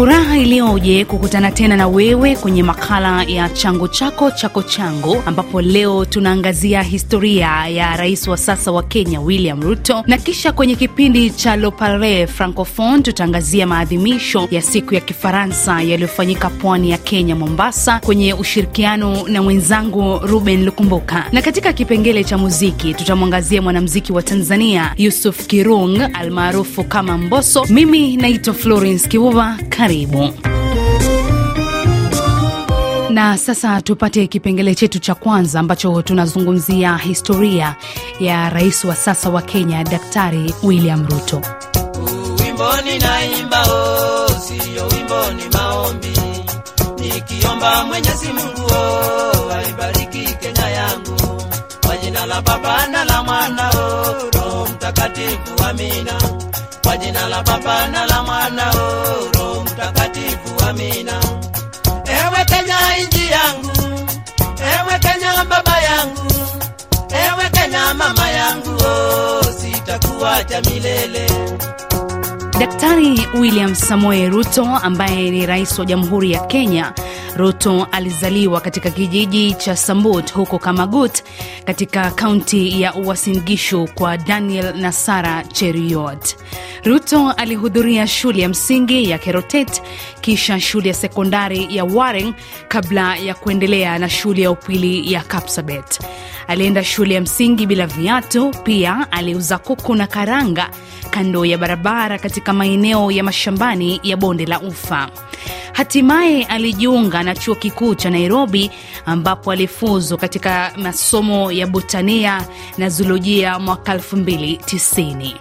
Furaha iliyoje kukutana tena na wewe kwenye makala ya changu chako chako changu, ambapo leo tunaangazia historia ya rais wa sasa wa Kenya William Ruto, na kisha kwenye kipindi cha Lopare Francophone tutaangazia maadhimisho ya siku ya Kifaransa yaliyofanyika pwani ya Kenya, Mombasa, kwenye ushirikiano na mwenzangu Ruben Lukumbuka, na katika kipengele cha muziki tutamwangazia mwanamziki wa Tanzania Yusuf Kirung almaarufu kama mboso Mimi naitwa Florence Kiuva. Karibu. Na sasa tupate kipengele chetu cha kwanza ambacho tunazungumzia historia ya rais wa sasa wa Kenya Daktari William Ruto. Wimbo ninaimba o, oh, siyo wimbo ni maombi, nikiomba Mwenyezi Mungu o, oh, aibariki Kenya yangu kwa jina la Baba na la Mwana o, oh, Roho Mtakatifu, amina. Kwa jina la Baba na la Mwana o, mtakatifu, amina. Ewe Kenya inji yangu, ewe Kenya baba yangu, ewe Kenya mama yangu, oh, sitakuacha milele. Daktari William Samoei Ruto ambaye ni rais wa Jamhuri ya Kenya. Ruto alizaliwa katika kijiji cha Sambut huko Kamagut katika kaunti ya Uasin Gishu kwa Daniel na Sara Cheriot. Ruto alihudhuria shule ya msingi ya Kerotet kisha shule ya sekondari ya waring kabla ya kuendelea na shule ya upili ya Kapsabet. Alienda shule ya msingi bila viatu. Pia aliuza kuku na karanga kando ya barabara katika maeneo ya mashambani ya bonde la Ufa. Hatimaye alijiunga na chuo kikuu cha Nairobi ambapo alifuzu katika masomo ya botania na zulojia mwaka 290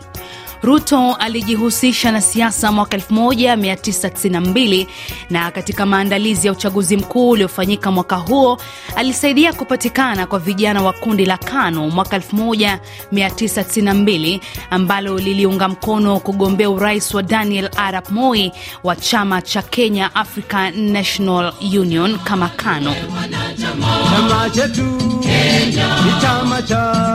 Ruto alijihusisha na siasa mwaka 1992 na katika maandalizi ya uchaguzi mkuu uliofanyika mwaka huo alisaidia kupatikana kwa vijana wa kundi la KANU mwaka 1992 ambalo liliunga mkono kugombea urais wa Daniel Arap Moi wa chama cha Kenya African National Union kama KANU. Chama chetu, Kenya. Chama cha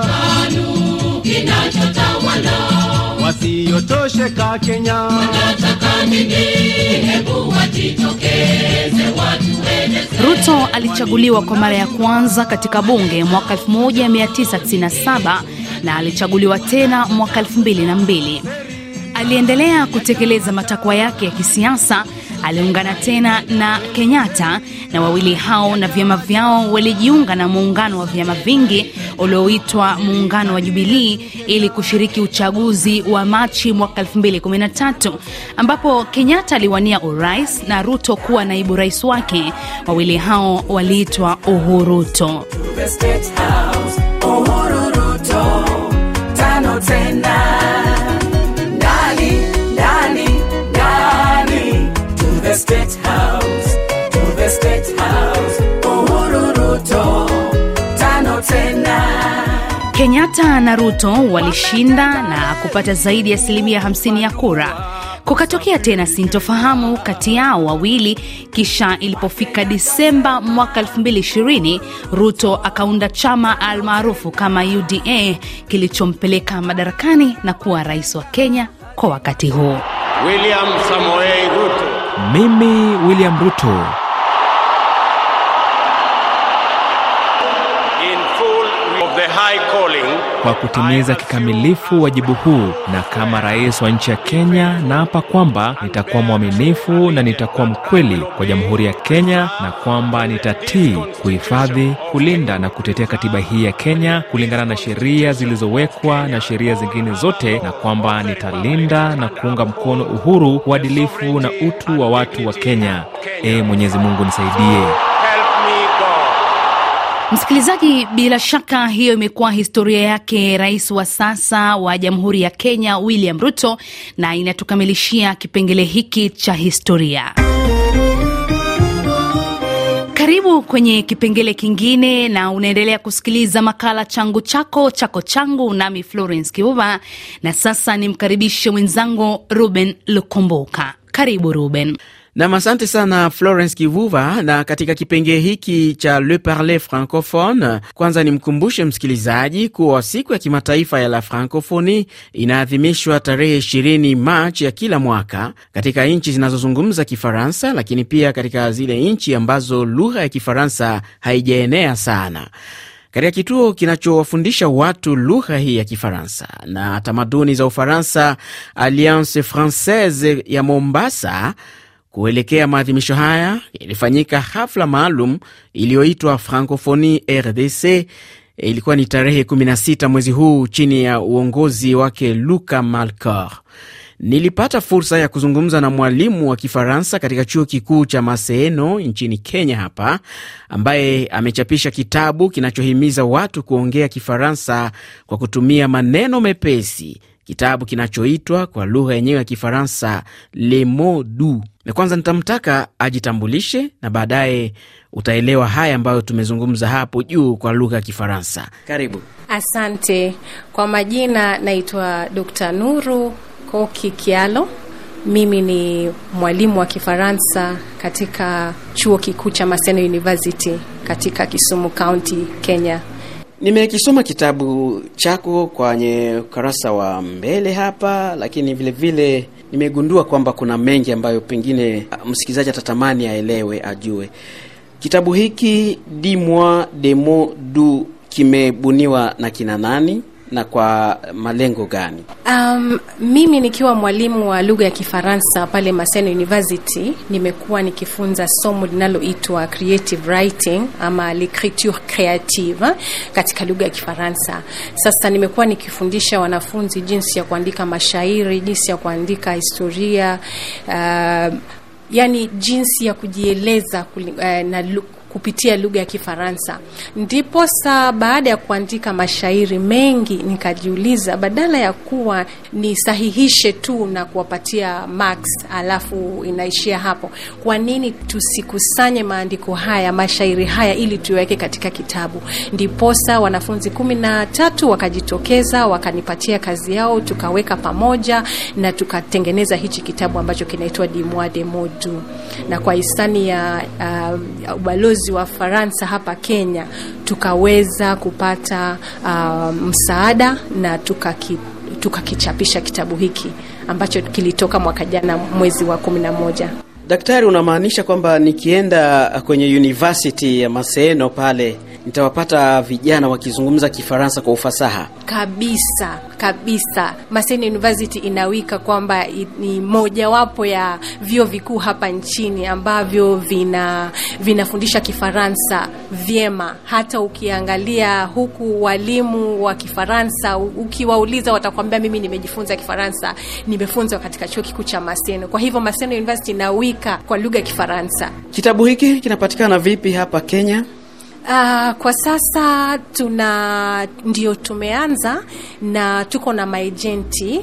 tusiotosheka Kenya. Wanataka nini? Hebu wajitokeze wenye Ruto alichaguliwa kwa mara ya kwanza katika bunge mwaka 1997 na alichaguliwa tena mwaka 2002. Aliendelea kutekeleza matakwa yake ya kisiasa aliungana tena na Kenyatta na wawili hao na vyama vyao walijiunga na muungano wa vyama vingi ulioitwa muungano wa Jubilii ili kushiriki uchaguzi wa Machi mwaka 2013 ambapo Kenyatta aliwania urais na Ruto kuwa naibu rais wake. Wawili hao waliitwa Uhuruto. Uhuru. State House, to the State House. Uhuru Ruto, tano tena. Kenyatta na Ruto walishinda na kupata zaidi ya asilimia 50 ya kura. Kukatokea tena sintofahamu kati yao wawili kisha ilipofika Disemba mwaka 2020, Ruto akaunda chama almaarufu kama UDA kilichompeleka madarakani na kuwa rais wa Kenya kwa wakati huu William Samoei mimi William Ruto kwa kutimiza kikamilifu wajibu huu, na kama rais wa nchi ya Kenya naapa kwamba nitakuwa mwaminifu na nitakuwa mkweli kwa jamhuri ya Kenya na kwamba nitatii, kuhifadhi, kulinda na kutetea katiba hii ya Kenya kulingana na sheria zilizowekwa na sheria zingine zote, na kwamba nitalinda na kuunga mkono uhuru, uadilifu na utu wa watu wa Kenya. Ee Mwenyezi Mungu nisaidie. Msikilizaji, bila shaka hiyo imekuwa historia yake rais wa sasa wa Jamhuri ya Kenya William Ruto, na inatukamilishia kipengele hiki cha historia. Karibu kwenye kipengele kingine, na unaendelea kusikiliza makala changu chako chako changu, nami Florence Kiuva, na sasa nimkaribishe mwenzangu Ruben Lukumbuka. Karibu Ruben. Nam, asante sana Florence Kivuva. Na katika kipengee hiki cha Le Parler Francophone, kwanza nimkumbushe msikilizaji kuwa siku ya kimataifa ya la Francophonie inaadhimishwa tarehe 20 Machi ya kila mwaka katika nchi zinazozungumza Kifaransa, lakini pia katika zile nchi ambazo lugha ya Kifaransa haijaenea sana katika kituo kinachowafundisha watu lugha hii ya Kifaransa na tamaduni za Ufaransa, Alliance Francaise ya Mombasa Kuelekea maadhimisho haya, ilifanyika hafla maalum iliyoitwa Francophonie RDC. Ilikuwa ni tarehe 16 mwezi huu chini ya uongozi wake Luca Malcor. Nilipata fursa ya kuzungumza na mwalimu wa Kifaransa katika chuo kikuu cha Maseno nchini Kenya hapa, ambaye amechapisha kitabu kinachohimiza watu kuongea Kifaransa kwa kutumia maneno mepesi kitabu kinachoitwa kwa lugha yenyewe ya Kifaransa Le Mot Du. Na kwanza nitamtaka ajitambulishe na baadaye utaelewa haya ambayo tumezungumza hapo juu kwa lugha ya Kifaransa. Karibu. Asante. Kwa majina naitwa Dr. Nuru Koki Kialo. Mimi ni mwalimu wa Kifaransa katika chuo kikuu cha Maseno University katika Kisumu County, Kenya. Nimekisoma kitabu chako kwenye ukurasa wa mbele hapa, lakini vilevile vile nimegundua kwamba kuna mengi ambayo pengine ah, msikilizaji atatamani aelewe, ajue. Kitabu hiki Dimwa Demo Du kimebuniwa na kina nani? na kwa malengo gani? Um, mimi nikiwa mwalimu wa lugha ya Kifaransa pale Maseno University nimekuwa nikifunza somo linaloitwa creative writing ama l'ecriture creative katika lugha ya Kifaransa. Sasa nimekuwa nikifundisha wanafunzi jinsi ya kuandika mashairi, jinsi ya kuandika historia, uh, yani jinsi ya kujieleza uh, na kupitia lugha ya Kifaransa. saa baada ya kuandika mashairi mengi, nikajiuliza badala ya kuwa nisahihishe tu na kuwapatia max alafu inaishia hapo, kwa nini tusikusanye maandiko haya, mashairi haya, ili tuweke katika kitabu? Ndiposa wanafunzi kumi na tatu wakajitokeza wakanipatia kazi yao, tukaweka pamoja na tukatengeneza hichi kitabu ambacho kinaitwa Dimwa de Modu, na kwa hisani ya uh, ubalozi wa Faransa hapa Kenya tukaweza kupata uh, msaada na tukaki tukakichapisha kitabu hiki ambacho kilitoka mwaka jana mwezi wa kumi na moja. Daktari, unamaanisha kwamba nikienda kwenye university ya Maseno pale nitawapata vijana wakizungumza Kifaransa kwa ufasaha kabisa kabisa. Maseno University inawika kwamba ni mojawapo ya vyo vikuu hapa nchini ambavyo vina vinafundisha Kifaransa vyema. Hata ukiangalia huku walimu wa Kifaransa ukiwauliza, watakwambia mimi nimejifunza Kifaransa, nimefunzwa katika chuo kikuu cha Maseno. Kwa hivyo Maseno University inawika kwa lugha ya Kifaransa. Kitabu hiki kinapatikana vipi hapa Kenya? Uh, kwa sasa tuna ndio tumeanza na tuko na maejenti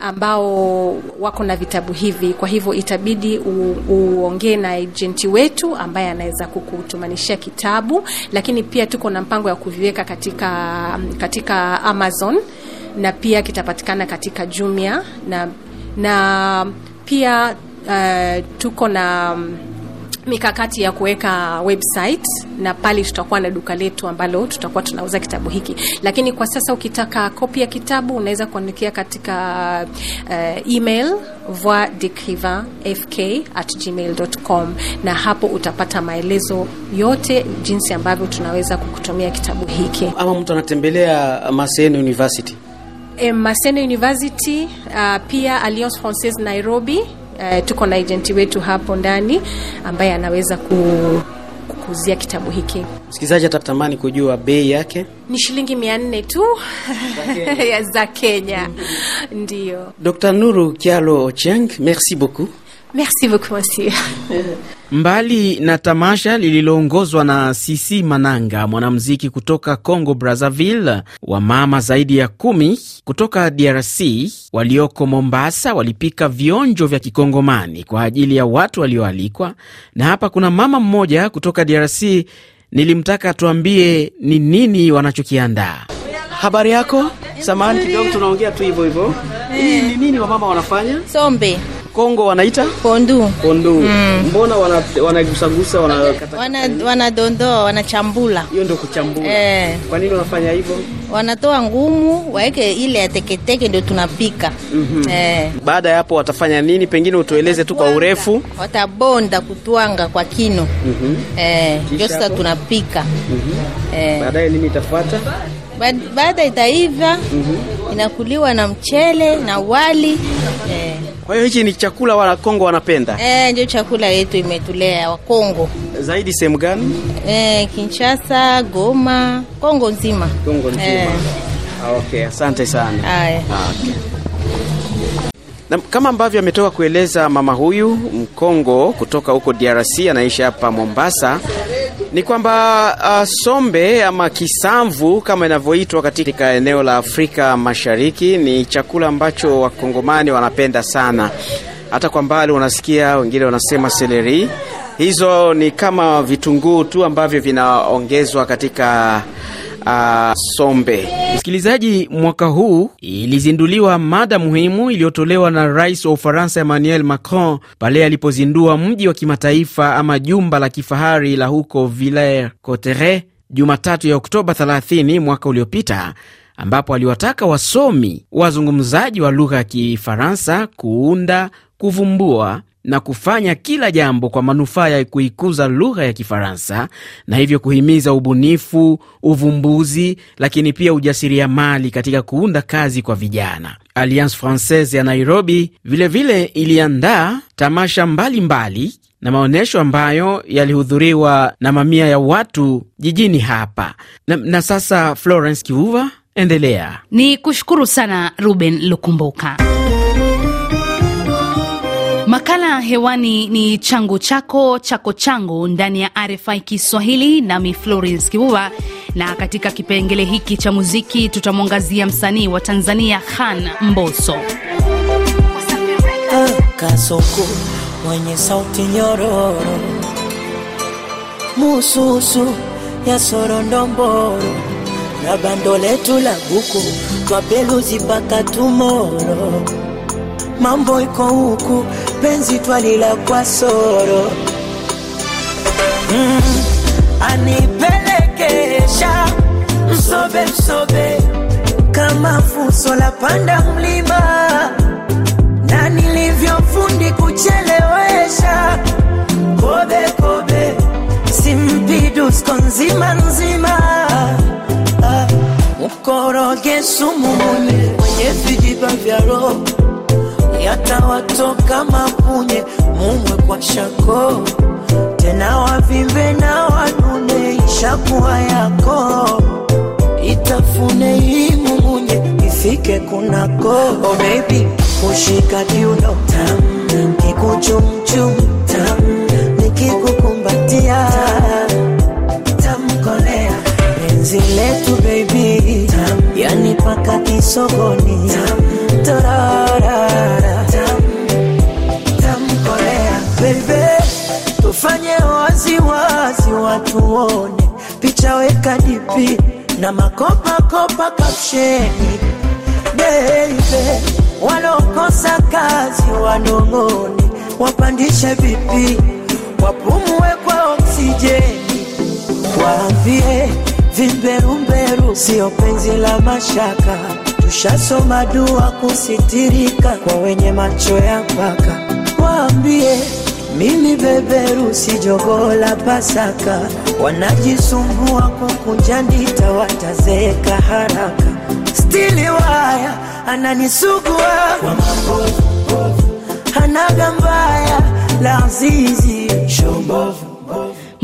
ambao wako na vitabu hivi, kwa hivyo itabidi uongee na ejenti wetu ambaye anaweza kukutumanishia kitabu, lakini pia tuko na mpango ya kuviweka katika, katika Amazon na pia kitapatikana katika Jumia na, na pia uh, tuko na mikakati ya kuweka website na pale tutakuwa na duka letu ambalo tutakuwa tunauza kitabu hiki, lakini kwa sasa ukitaka kopi ya kitabu unaweza kuandikia katika uh, email fk at na hapo utapata maelezo yote jinsi ambavyo tunaweza kukutumia kitabu hiki. Ama mtu anatembelea Maseno University, e, Maseno University uh, pia Alliance Francaise Nairobi eh, tuko na ajenti wetu hapo ndani ambaye anaweza kuzia kitabu hiki. Msikilizaji atatamani kujua bei yake. Ni shilingi mia nne tu za Kenya, Kenya. Ndiyo. Dr. Nuru Kialo Ochieng, merci beaucoup. Merci beaucoup monsieur. Mbali na tamasha lililoongozwa na Sisi Mananga, mwanamuziki kutoka Congo Brazzaville, mama zaidi ya kumi kutoka DRC walioko Mombasa walipika vionjo vya kikongomani kwa ajili ya watu walioalikwa. Na hapa kuna mama mmoja kutoka DRC nilimtaka tuambie ni nini wanachokiandaa. Habari yako? Samani kidogo, tunaongea tu hivyo hivyo. Hii eh. ni nini wamama wanafanya? Sombe Kongo wanaita pondu pondu. Mm. Mbona wanagusagusa wana wanakatakata wana, wanadondoa wanachambula? Hiyo ndio kuchambula eh. Kwa nini wanafanya hivyo? Wanatoa ngumu waeke ile ya teketeke, ndio tunapika. mm -hmm. Eh. Baada ya hapo watafanya nini? Pengine utueleze tu kwa urefu. Watabonda kutwanga kwa kino. mm -hmm. Eh, ndio sasa tunapika. mm -hmm. Eh. Baadaye nini itafuata? Baada itaiva. mm -hmm. Inakuliwa na mchele na wali eh. Kwa hiyo hichi ni chakula Wakongo wanapenda. Eh, ndio chakula yetu imetulea Kongo. Zaidi sehemu gani? Eh, Kinshasa, Goma, Kongo nzima. Kongo nzima. Eh. Ah, okay, asante sana. Haya. Ah, okay. Na kama ambavyo ametoka kueleza mama huyu Mkongo kutoka huko DRC anaishi hapa Mombasa ni kwamba uh, sombe ama kisamvu kama inavyoitwa katika eneo la Afrika Mashariki ni chakula ambacho wakongomani wanapenda sana. Hata kwa mbali unasikia wengine wanasema seleri. Hizo ni kama vitunguu tu ambavyo vinaongezwa katika uh, Sombe. Msikilizaji, mwaka huu ilizinduliwa mada muhimu iliyotolewa na rais wa Ufaransa Emmanuel Macron pale alipozindua mji wa kimataifa ama jumba la kifahari la huko Villers Cotterets Jumatatu ya Oktoba 30 mwaka uliopita ambapo aliwataka wasomi wazungumzaji wa lugha ya Kifaransa kuunda, kuvumbua na kufanya kila jambo kwa manufaa ya kuikuza lugha ya Kifaransa na hivyo kuhimiza ubunifu, uvumbuzi, lakini pia ujasiriamali katika kuunda kazi kwa vijana. Alliance Francaise ya Nairobi vilevile iliandaa tamasha mbalimbali mbali na maonyesho ambayo yalihudhuriwa na mamia ya watu jijini hapa na, na sasa Florence Kivuva, endelea. Ni kushukuru sana Ruben Lukumbuka. Makala hewani ni changu chako chako changu ndani ya RFI Kiswahili, nami Florence Kibuba, na katika kipengele hiki cha muziki tutamwangazia msanii wa Tanzania Khan Mboso. Ah, Kasoko mwenye sauti nyororo, mususu ya sorondomboro, na bando letu la buku twapeluzi mpaka tumoro mambo iko huku, penzi twalila kwa soro mm, anipelekesha msobe msobe kama fuso la panda mlima na nilivyofundi kuchelewesha kobe kobe simpidusko nzima nzima ukoroge ah, sumumuni mwenye vijiba vya roho yatawatoka mapunye, mumwe kwa shako tena, wavimbe na wanune, ishakuwa yako itafune hii mumunye ifike kunako. Oh baby kushika kiuno tam, kikuchumchum tam, nikikukumbatia tamkolea penzi letu baby, yani paka kisogoni torarara watu watuone, picha weka dipi na makopa kopa kapsheni. Baby, walokosa kazi wanong'one, wapandishe vipi, wapumue kwa oksijeni, waambie vimberumberu sio penzi la mashaka, tushasoma dua kusitirika kwa wenye macho ya mpaka, waambie mimi beberu si jogola la Pasaka, wanajisumbua kukuja, nitawatazeka haraka. Stili waya ananisugua kwa mambo, anaga mbaya la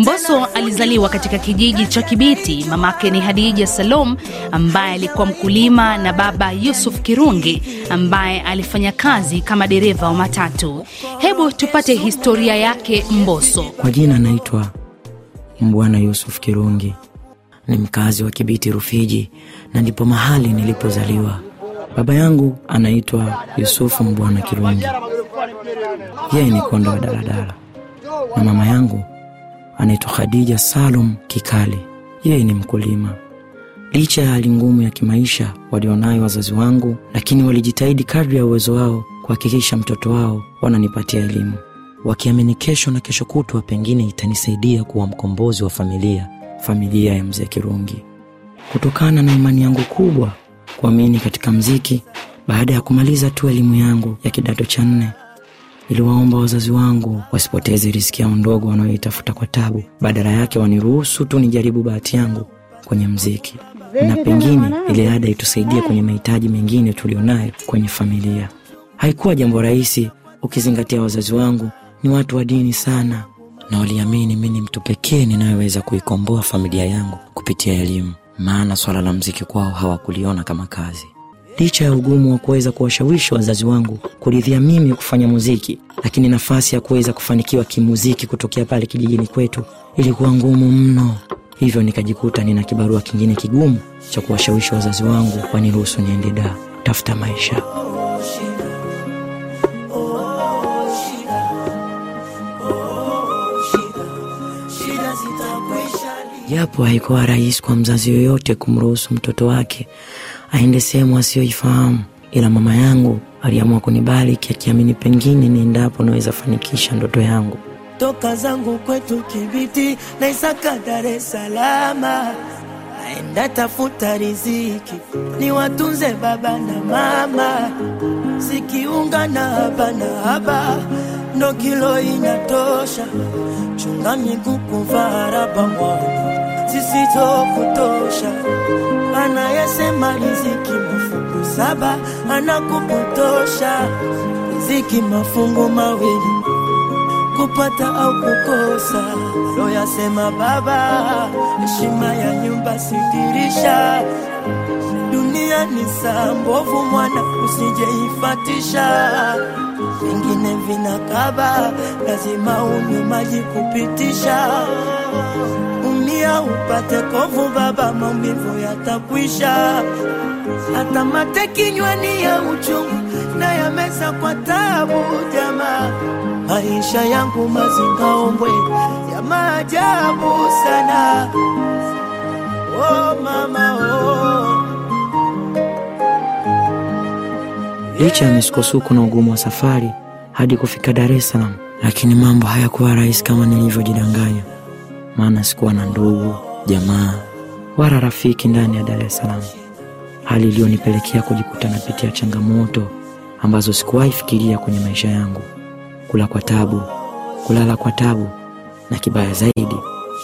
mboso alizaliwa katika kijiji cha Kibiti. Mamake ni Hadija Salom ambaye alikuwa mkulima na baba Yusuf Kirungi ambaye alifanya kazi kama dereva wa matatu. Hebu tupate historia yake mboso Kwa jina anaitwa Mbwana Yusuf Kirungi, ni mkazi wa Kibiti Rufiji na ndipo mahali nilipozaliwa. Baba yangu anaitwa Yusufu Mbwana Kirungi, yeye ni konda wa daladala, na mama yangu anaitwa Khadija Salum Kikale. Yeye ni mkulima. Licha ya hali ngumu ya kimaisha walionayo wazazi wangu, lakini walijitahidi kadri ya uwezo wao kuhakikisha mtoto wao wananipatia elimu, wakiamini kesho na kesho kutwa pengine itanisaidia kuwa mkombozi wa familia, familia ya mzee Kirungi. Kutokana na imani yangu kubwa kuamini katika mziki, baada ya kumaliza tu elimu yangu ya kidato cha nne Niliwaomba wazazi wangu wasipoteze riski yao ndogo wanayoitafuta kwa tabu, badala yake waniruhusu tu nijaribu bahati yangu kwenye mziki, na pengine ile ada itusaidia kwenye mahitaji mengine tulionayo kwenye familia. Haikuwa jambo rahisi, ukizingatia wazazi wangu ni watu wa dini sana, na waliamini mi ni mtu pekee ninayoweza kuikomboa familia yangu kupitia elimu, maana swala la mziki kwao hawakuliona kama kazi. Licha ya ugumu wa kuweza kuwashawishi wazazi wangu kuridhia mimi kufanya muziki, lakini nafasi ya kuweza kufanikiwa kimuziki kutokea pale kijijini kwetu ilikuwa ngumu mno. Hivyo nikajikuta nina kibarua kingine kigumu cha kuwashawishi wazazi wangu waniruhusu niende da tafuta maisha. Japo haikuwa rahisi kwa mzazi yoyote kumruhusu mtoto wake aende sehemu asiyoifahamu, ila mama yangu aliamua kunibariki akiamini pengine niendapo naweza fanikisha ndoto yangu. Toka zangu kwetu Kibiti na Isaka, Dar es naenda tafuta riziki, niwatunze baba na mama, na haba na haba ndo kilo inatosha, chunga miguu kuvaa zisizo kutosha. Anayesema riziki mafungu saba anakupotosha, riziki mafungu mawili kupata au kukosa. Lo yasema baba, heshima ya nyumba sidirisha dunia ni saa mbovu, mwana usijeifatisha, vingine vinakaba, lazima unywe maji kupitisha dunia upate kovu, baba, maumivu yatakwisha. Hata mate kinywani ya uchungu na yameza kwa tabu, jamaa, maisha yangu mazingaombwe ya maajabu sana. Oh, mama, oh. Licha ya misukosuko na ugumu wa safari hadi kufika Dar es Salaam, lakini mambo hayakuwa rahisi kama nilivyojidanganya maana sikuwa na ndugu, jamaa wala rafiki ndani ya Dar es Salaam, hali iliyonipelekea kujikuta napitia changamoto ambazo sikuwahi fikiria kwenye maisha yangu: kula kwa tabu, kulala kwa tabu, na kibaya zaidi,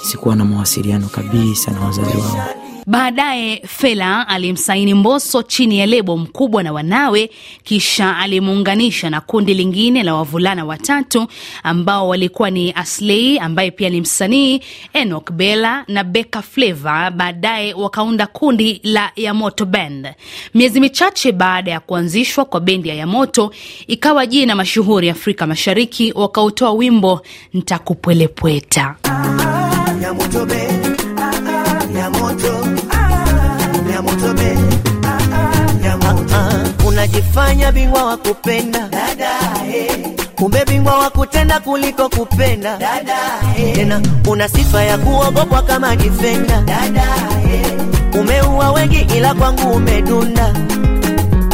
sikuwa na mawasiliano kabisa na wazazi wangu. Baadaye Fela alimsaini mboso chini ya lebo Mkubwa na Wanawe, kisha alimuunganisha na kundi lingine la wavulana watatu ambao walikuwa ni Asley ambaye pia ni msanii, Enoch Bella na Beka fleva Baadaye wakaunda kundi la Yamoto Band. Miezi michache baada ya kuanzishwa kwa bendi ya Yamoto, ikawa jina mashuhuri Afrika Mashariki, wakautoa wimbo Ntakupwelepweta. ah, ah, unajifanya bingwa wa kupenda dada, hey. Eh. Kumbe bingwa wa kutenda kuliko kupenda dada, hey. Eh. Tena una sifa ya kuogopwa kama difenda dada, hey. Eh. Umeua wengi ila kwangu umedunda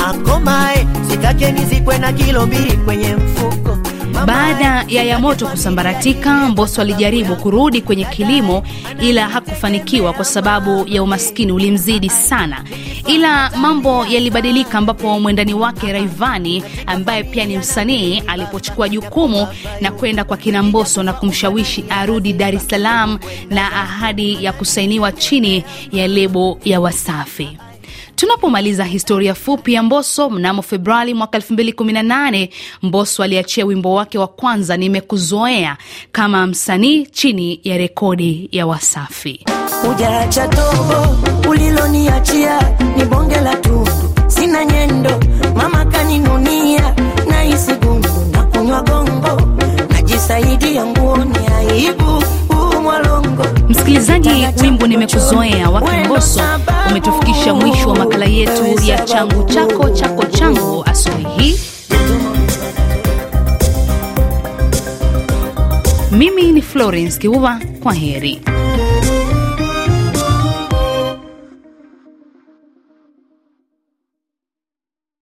akomae, sitake nizikwe na kilo mbili kwenye mfuko baada ya ya moto kusambaratika, Mbosso alijaribu kurudi kwenye kilimo ila hakufanikiwa kwa sababu ya umaskini ulimzidi sana. Ila mambo yalibadilika ambapo mwendani wake Raivani ambaye pia ni msanii alipochukua jukumu na kwenda kwa kina Mbosso na kumshawishi arudi Dar es Salaam na ahadi ya kusainiwa chini ya lebo ya Wasafi. Tunapomaliza historia fupi ya mboso mnamo Februari mwaka 218 mboso aliachia wimbo wake wa kwanza Nimekuzoea kama msanii chini ya rekodi ya Wasafi. Ujaacha tobo uliloniachia ni bonge la tundu, sina nyendo, mama kaninunia na isi na kunywa gongo, nguo ni aibu Msikilizaji, wimbo nimekuzoea wake umetufikisha mwisho wa makala yetu ya changu chako chako changu asubuhi hii. Mimi ni Florence Kiuva, kwa heri.